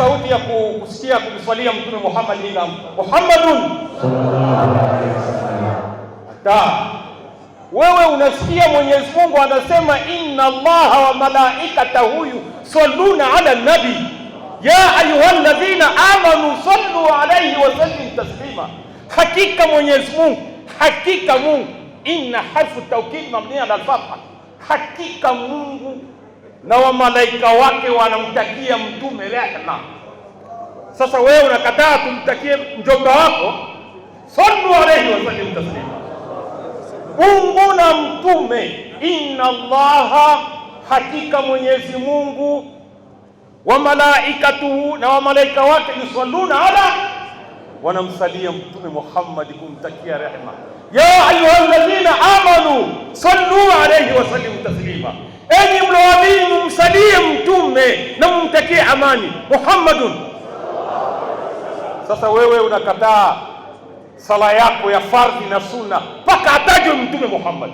sauti ya kusikia kumswalia Mtume Muhammad ila Muhammadun hata wewe unasikia Mwenyezi Mungu anasema inna Allaha wa malaikatahu yusalluna ala nabi ya ayyuhalladhina amanu sallu alayhi wa sallim taslima. Hakika Mwenyezi Mungu, hakika Mungu, inna harfu tawkid mabni ala al hakika Mungu na wamalaika wake wanamtakia mtume rehma. Sasa wewe unakataa tumtakie mjomba wako, sallu alayhi wasallim taslima. Mungu na mtume, inna allaha, hakika Mwenyezi Mungu, wa malaikatuhu, na wamalaika wake, yusalluna ala, wanamsalia mtume Muhammad kumtakia rehma. Ya alladhina amanu sallu alayhi sallim taslima Enyi mlioamini mumsalie mtume na mumtakie amani Muhammadun. Sasa wewe unakataa sala yako ya fardhi na sunna mpaka atajwe mtume Muhammad,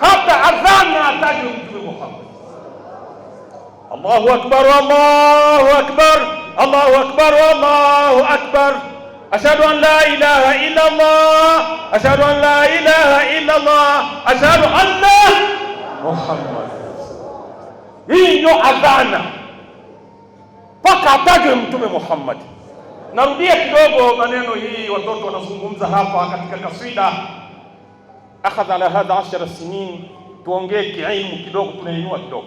hata adhana atajwe mtume Muhammad. Allahu akbar, Allahu akbar, Allahu akbar, Allahu akbar. Ashhadu an la ilaha illa Allah, ashhadu an la ilaha illa Allah, ashhadu anna Muhammad Hii ndio adhana mpaka atajwe Mtume Muhammad. Narudia kidogo maneno hii, watoto wanazungumza hapa katika kaswida akhadha ala hadha ashara sinin. Tuongee kiilmu kidogo, tunainua kidogo.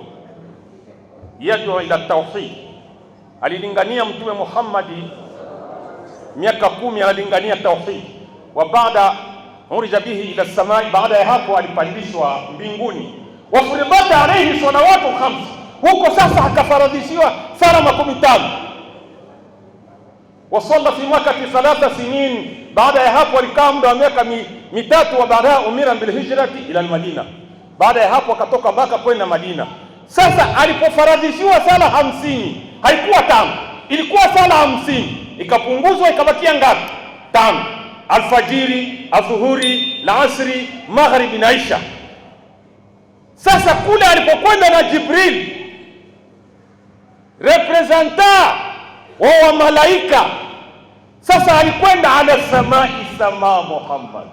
Yadu ila tauhid, alilingania Mtume Muhammadi miaka kumi, analingania tauhid. Wa baada urija bihi ila samai, baada ya hapo alipandishwa mbinguni. Wafuribata alaihi salawatu khamsa huko sasa akafaradhishiwa sala makumi tano wasalla fi mwakati thalatha sinin. Baada ya hapo alikaa muda wa miaka mitatu, wa baadaye umira bilhijrati ila lmadina Baada ya hapo akatoka Maka kwenda Madina. Sasa alipofaradhishiwa sala hamsini, haikuwa tano, ilikuwa sala hamsini, ikapunguzwa ikabakia ngapi? Tano: alfajiri, adhuhuri, alasri, maghribi na isha. Sasa kule alipokwenda na Jibril representa wa wamalaika. Sasa alikwenda ala samai sama Muhammad,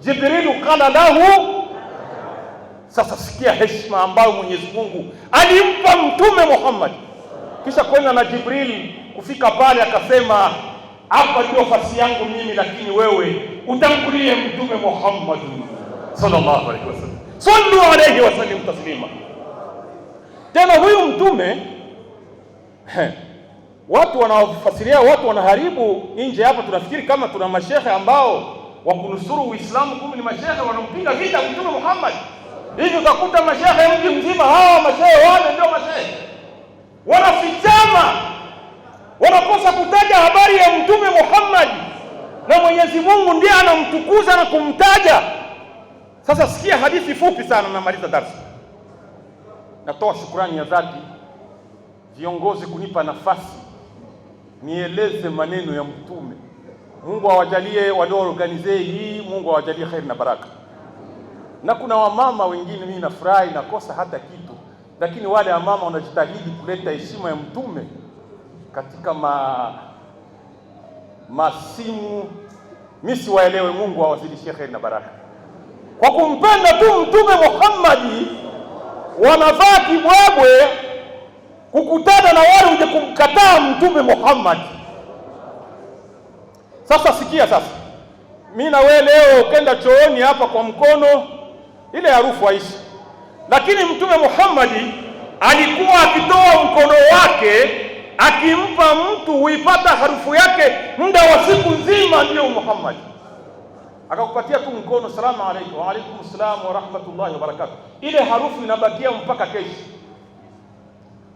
Jibrilu kala lahu. Sasa sikia heshima ambayo Mwenyezi Mungu alimpa Mtume Muhammad, kisha kwenda na Jibrili kufika pale, akasema hapa ndio fasi yangu mimi, lakini wewe utangulie Mtume Muhammad sallallahu alaihi wasallam, sallu alaihi wasallim taslima. Tena huyu mtume watu wanaofasiria, watu wanaharibu nje hapa. Tunafikiri kama tuna mashehe ambao wa kunusuru Uislamu, kumbe ni mashehe wanampinga vita Mtume Muhammad. Hivi utakuta mashehe mji mzima, hawa mashehe wale ndio mashehe wanafichama, wanakosa kutaja habari ya Mtume Muhammad, na Mwenyezi Mungu ndiye anamtukuza na kumtaja. Sasa sikia hadithi fupi sana, namaliza darsa. Natoa shukurani ya dhati viongozi kunipa nafasi nieleze maneno ya Mtume. Mungu awajalie walioorganize hii, Mungu awajalie kheri na baraka. Na kuna wamama wengine, mimi nafurahi nakosa hata kitu, lakini wale wamama wanajitahidi kuleta heshima ya Mtume katika ma masimu. Mimi siwaelewe, Mungu awazidishie kheri na baraka. Kwa kumpenda tu Mtume Muhammadi wanavaa kibwebwe kukutana na wale wenye kumkataa Mtume Muhammad. Sasa sikia, sasa mi na wewe leo ukenda chooni hapa kwa mkono, ile harufu haishi, lakini Mtume Muhammadi alikuwa akitoa mkono wake akimpa mtu, huipata harufu yake muda wa siku nzima. Ndiyo Muhammadi akakupatia tu mkono, salamu alaikum. wa salam wa barakatuh, ile harufu inabakia mpaka kesho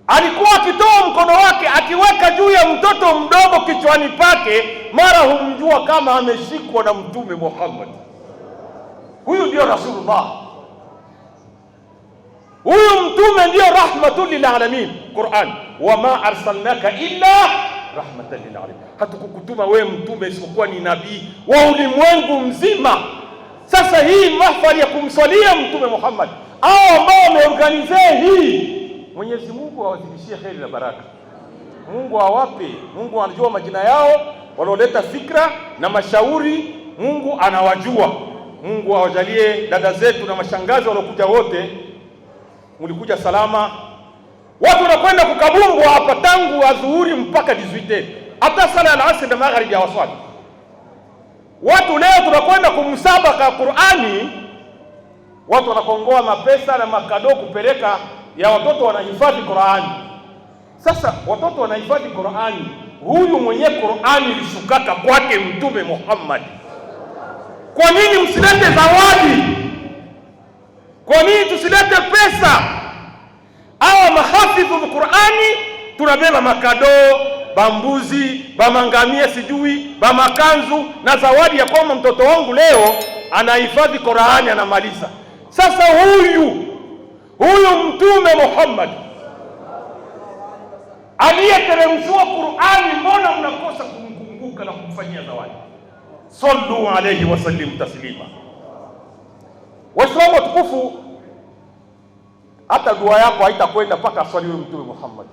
alikuwa akitoa mkono wake akiweka juu ya mtoto mdogo kichwani pake, mara humjua kama ameshikwa na Mtume Muhammad. Huyu ndio Rasulullah, huyu mtume ndio rahmatul lil alamin. Quran, wama arsalnaka illa rahmatan lil alamin, hatukukutuma wewe mtume isipokuwa ni nabii wa ulimwengu mzima. Sasa hii mahfali ya kumswalia mtume Muhammad, hao ambao wameorganizea hii Mwenyezi Mungu awazidishie kheri na baraka. Mungu awape. Mungu anajua majina yao walioleta fikra na mashauri. Mungu anawajua. Mungu awajalie dada zetu na mashangazi waliokuja wote, mlikuja salama. Watu wanakwenda kukabungwa hapa tangu adhuhuri mpaka 18 hata sala ya asr na magharibi hawaswali. Watu leo tunakwenda kumsabaka Qurani, watu wanakongoa mapesa na makado kupeleka ya watoto wanahifadhi Qur'ani. Sasa watoto wanahifadhi Qur'ani, huyu mwenye Qur'ani lisukaka kwake Mtume Muhammad. Kwa nini msilete zawadi? Kwa nini tusilete pesa? Awa mahafidhu Qur'ani tunabeba makado bambuzi bamangamia, sijui bamakanzu na zawadi ya kwamba mtoto wangu leo anahifadhi Qur'ani anamaliza. Sasa huyu huyu Mtume Muhammad aliyeteremshiwa Qur'ani, mbona mnakosa kumkumbuka na kumfanyia zawadi? Sallu alayhi wasallim taslima. Waislamu watukufu, hata dua yako haitakwenda mpaka aswali huyu Mtume Muhammad.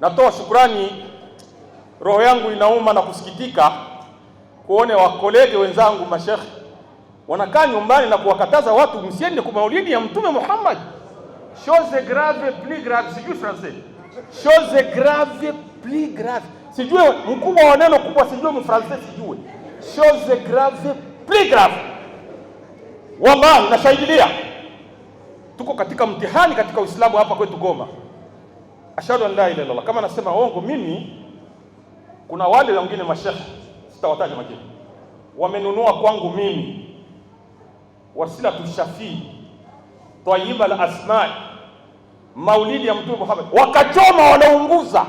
Natoa shukrani, roho yangu inauma na kusikitika kuone wakolege wenzangu mashekhe wanakaa nyumbani na kuwakataza watu msiende kwa maulidi ya Mtume Muhammad. Chose grave plus grave, sijui français, Chose grave plus grave, sijui mkubwa wa neno kubwa, sijui mfrancais, sijui chose grave plus grave. Wallahi nashahidia, tuko katika mtihani katika Uislamu hapa kwetu Goma. Ashhadu an la ilaha illallah. Kama nasema uongo mimi, kuna wale wengine mashekhe, sitawataja majina, wamenunua kwangu mimi wasilatu shafi twayiba al asmai, maulidi ya Mtume Muhammad wakachoma, wanaunguza.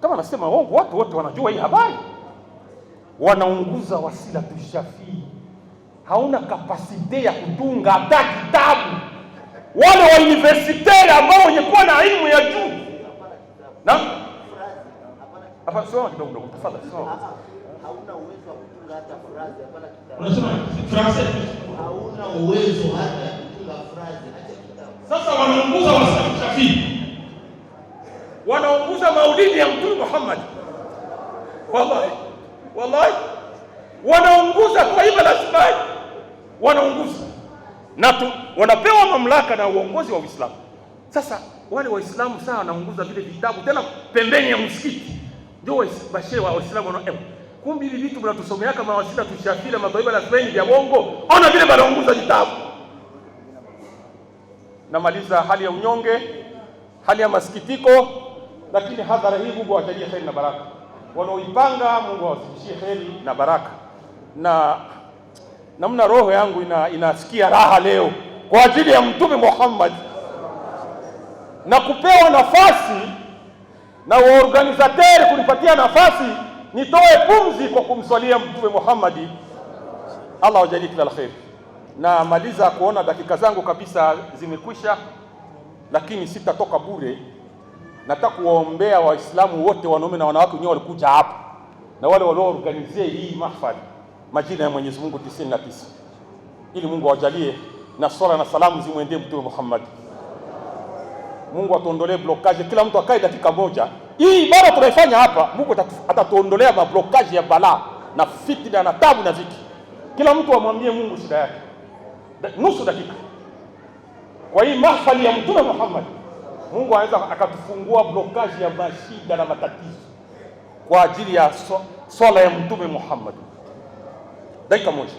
Kama anasema wongo, watu wote wanajua hii habari, wanaunguza wasilatu shafi. Hauna kapasite ya kutunga hata kitabu. Wale wa universitari ambao wenye kuwa na elimu ya juu na hapana, soma kidogo kidogo, tafadhali soma hauna uwezo wa kutunga hata frazi hapana kitabu. Unasema frazi hauna uwezo hata ya kutunga frazi hata kitabu. Sasa wanaunguza Waislamu wanaunguza maulidi ya Mtume Muhammad, wallahi wallahi, wanaunguza kwa la sibali, wanaunguza na tu, wanapewa mamlaka na uongozi wa Uislamu. Sasa wale Waislamu saa wanaunguza vile vitabu tena pembeni ya msikiti, ndio bashe wa Waislamu wanaona kumbi hivi vitu mnatusomea kama wasita tushafira madhaiba na semaini vya bongo. Ona vile wanaunguza vitabu. Namaliza hali ya unyonge, hali ya masikitiko, lakini hadhara hii Mungu awajalie heri na baraka. Wanaoipanga Mungu awazidishie heri na baraka. Na namna roho yangu ina, inasikia raha leo kwa ajili ya Mtume Muhammad na kupewa nafasi na waorganizatori kunipatia nafasi nitoe pumzi kwa kumswalia Mtume Muhammadi, Allah wajalie kila la kheri. Na maliza kuona dakika zangu kabisa zimekwisha, lakini sitatoka bure. Nataka kuwaombea Waislamu wote wanaume na wanawake wenyewe walikuja hapa na wale walioorganizia hii mahfali, majina ya Mwenyezi Mungu 99 ili Mungu awajalie, na swala na salamu zimwendee Mtume Muhammad. Mungu atuondolee blokaje, kila mtu akae dakika moja. Hii ibada tunaifanya hapa, Mungu atatuondolea mablokaji ya balaa na fitina na tabu na viki Kila mtu amwambie Mungu shida yake nusu dakika. Kwa hii mahfali ya Mtume Muhammad, Mungu anaweza akatufungua blokaji ya mashida na matatizo kwa ajili ya swala so, ya Mtume Muhammad. Dakika moja.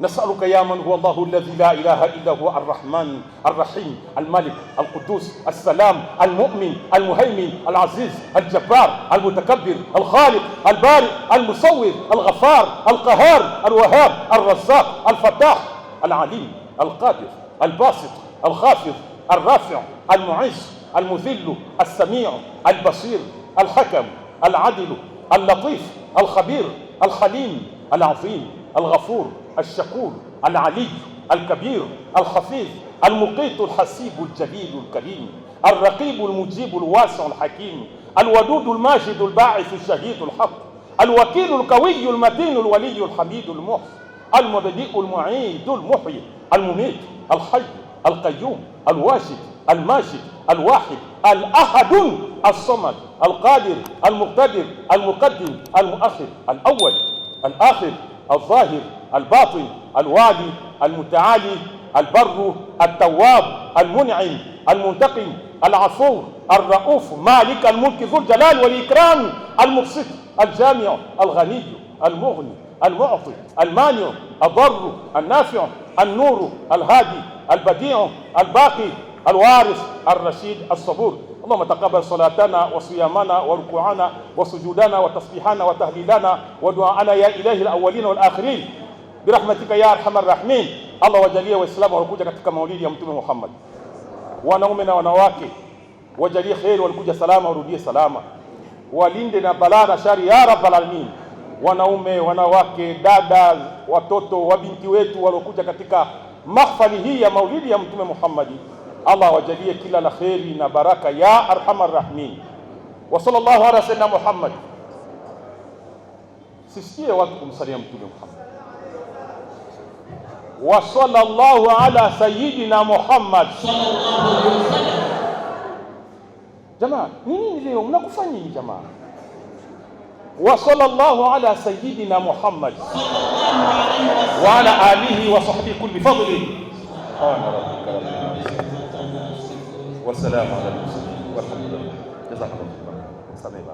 نسألك يا من هو الله الذي لا إله إلا هو الرحمن الرحيم الملك القدوس السلام المؤمن المهيمن العزيز الجبار المتكبر الخالق البارئ المصور الغفار القهار الوهاب الرزاق الفتاح العليم القادر الباسط الخافض الرافع المعز المذل السميع البصير الحكم العدل اللطيف الخبير الحليم العظيم الغفور الشكور العلي الكبير الخفيف المقيت الحسيب الجليل الكريم الرقيب المجيب الواسع الحكيم الودود الماجد الباعث الشهيد الحق الوكيل القوي المتين الولي الحميد المحسن المبدئ المعيد المحيي المميت الحي القيوم الواجد الماجد الواحد الأحد الصمد القادر المقتدر المقدم المؤخر الأول الآخر الظاهر الباطن الوالي المتعالي البر التواب المنعم المنتقم العفو الرؤوف مالك الملك ذو الجلال والإكرام المبسط الجامع الغني المغني المعطي المانع الضر النافع النور الهادي البديع الباقي الوارث الرشيد الصبور اللهم تقبل صلاتنا وصيامنا وركوعنا وسجودنا وتسبيحنا وتهليلنا ودعاءنا يا إله الأولين والآخرين birahmatika ya arhamar rahimin. Allah wajalie Waislamu walikuja katika maulidi ya Mtume Muhammad, wanaume na wanawake, wajalie kheri, walikuja salama, warudie salama, walinde na balaa na shari ya rabbal alamin. Wanaume, wanawake, dada, watoto, wabinti wetu waliokuja katika mahfali hii ya maulidi ya Mtume Muhammad, Allah wajalie kila la kheri na baraka ya arhamar rahimin. Wa sallallahu ala sayyidina Muhammad. Sisikie watu kumsalia Mtume Muhammad وصلى الله على سيدنا محمد صلى الله Muhammad. Jamaa, nini leo mnakufanya nini جماعه وصلى الله على سيدنا محمد وعلى آله وصحبه كل فضل سبحان ربك رب العالمين والسلام على المسلمين والحمد لله جزاكم الله خيرا